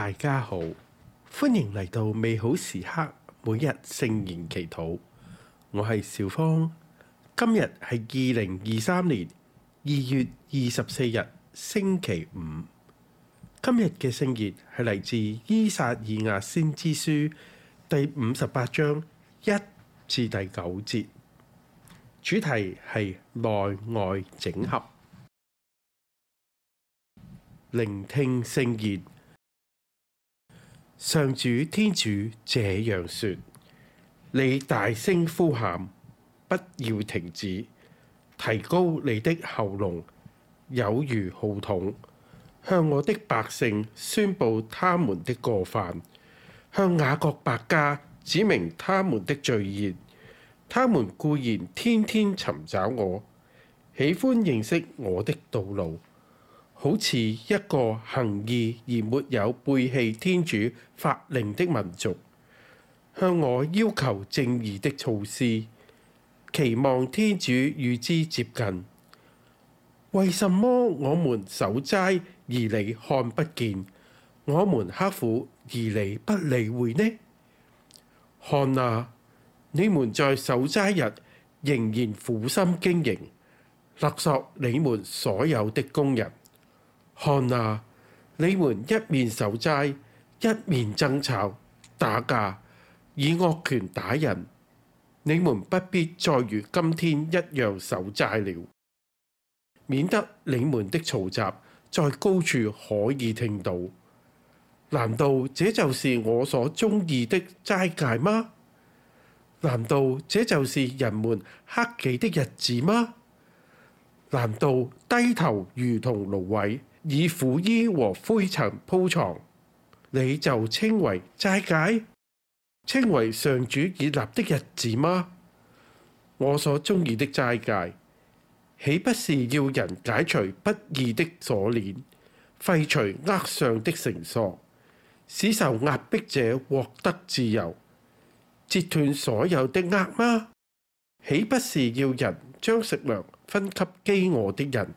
大家好，歡迎嚟到美好時刻，每日聖言祈禱。我係兆芳，今日係二零二三年二月二十四日星期五。今日嘅聖言係嚟自依撒意亞先知書第五十八章一至第九節，主題係內外整合。聆聽聖言。上主天主這樣説：你大聲呼喊，不要停止，提高你的喉嚨，有如號筒，向我的百姓宣佈他們的過犯，向雅各伯家指明他們的罪孽。他們固然天天尋找我，喜歡認識我的道路。好似一個行義而沒有背棄天主法令的民族，向我要求正義的措施，期望天主與之接近。為什麼我們守齋而你看不見？我們克苦而你不理會呢？看哪，你們在守齋日仍然苦心經營，勒索你們所有的工人。看哪！你們一面守齋，一面爭吵打架，以惡拳打人。你們不必再如今天一樣守齋了，免得你們的嘈雜在高處可以聽到。難道這就是我所中意的齋戒嗎？難道這就是人們克己的日子嗎？難道低頭如同蘆葦？以苦衣和灰塵鋪床，你就稱為齋戒，稱為上主以立的日子嗎？我所中意的齋戒，豈不是要人解除不義的鎖鏈，廢除軛上的繩索，使受壓迫者獲得自由，截斷所有的軛嗎？豈不是要人將食糧分給飢餓的人？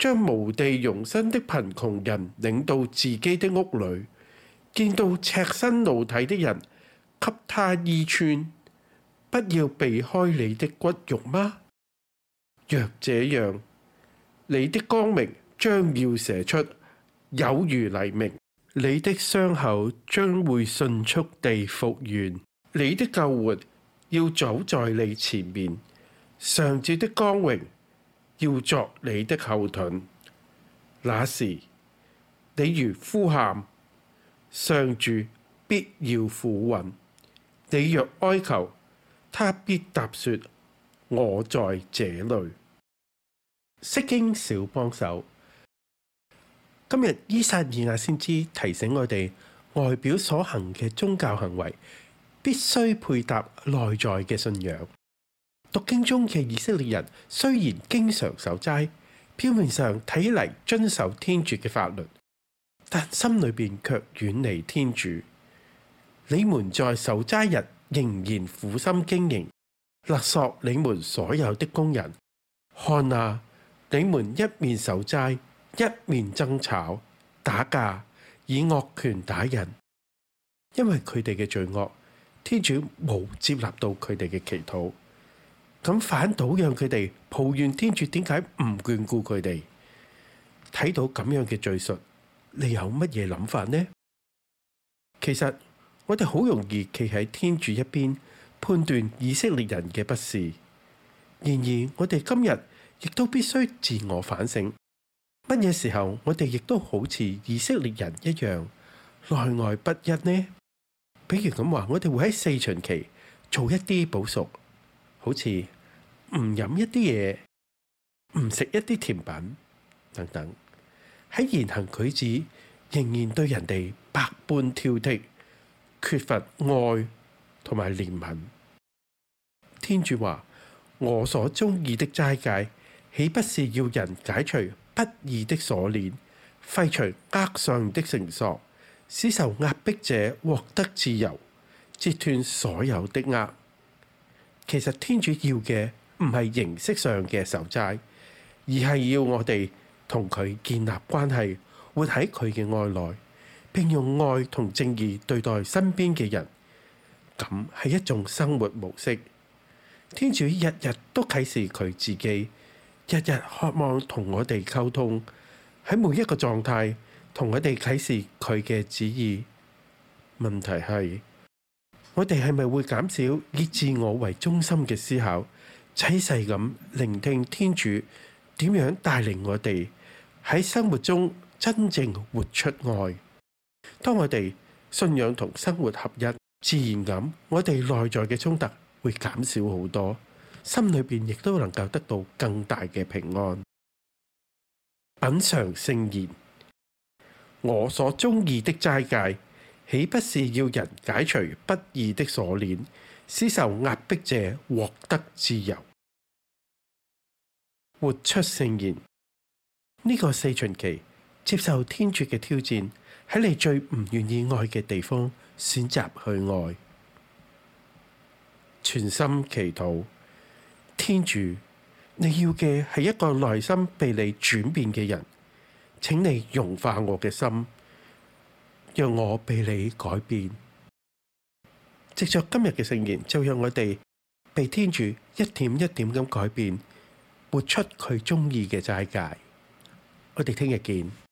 將無地容身的貧窮人領到自己的屋裏，見到赤身露體的人，給他衣穿，不要避開你的骨肉嗎？若這樣，你的光明將要射出，有如黎明；你的傷口將會迅速地復原，你的救援要走在你前面，上主的光榮。要作你的後盾，那時，你如呼喊，上主必要俯允；你若哀求，他必答說：我在這裏。釋經小幫手，今日依撒意亞先知提醒我哋，外表所行嘅宗教行為，必須配搭內在嘅信仰。讀經中嘅以色列人雖然經常守齋，表面上睇嚟遵守天主嘅法律，但心裏邊卻遠離天主。你們在守齋日仍然苦心經營，勒索你們所有的工人。看啊，你們一面守齋，一面爭吵、打架，以惡拳打人。因為佢哋嘅罪惡，天主冇接納到佢哋嘅祈禱。咁反倒讓佢哋抱怨天主點解唔眷顧佢哋？睇到咁樣嘅敘述，你有乜嘢諗法呢？其實我哋好容易企喺天主一邊，判斷以色列人嘅不是。然而我哋今日亦都必須自我反省：乜嘢時候我哋亦都好似以色列人一樣內外不一呢？比如咁話，我哋會喺四旬期做一啲補贖。好似唔飲一啲嘢，唔食一啲甜品等等，喺言行舉止仍然對人哋百般挑剔，缺乏愛同埋憐憫。天主話：我所中意的齋戒，豈不是要人解除不義的鎖鏈，廢除軛上的繩索，使受壓迫者獲得自由，截斷所有的軛。其實天主要嘅唔係形式上嘅守齋，而係要我哋同佢建立關係，活喺佢嘅愛內，並用愛同正義對待身邊嘅人。咁係一種生活模式。天主日日都啟示佢自己，日日渴望同我哋溝通，喺每一個狀態同我哋啟示佢嘅旨意。問題係，我哋係咪會減少以自我為中心嘅思考，仔細咁聆聽天主點樣帶領我哋喺生活中真正活出愛？當我哋信仰同生活合一，自然咁我哋內在嘅衝突會減少好多，心裏面亦都能夠得到更大嘅平安。品嚐聖言，我所中意的齋戒。豈不是要人解除不義的鎖鏈，使受壓迫者獲得自由，活出聖言。呢、這個四旬期，接受天主嘅挑戰，喺你最唔願意愛嘅地方，選擇去愛，全心祈禱。天主，你要嘅係一個內心被你轉變嘅人，請你融化我嘅心。讓我被你改變。藉着今日嘅聖言，就讓我哋被天主一點一點咁改變，活出佢中意嘅齋戒。我哋聽日見。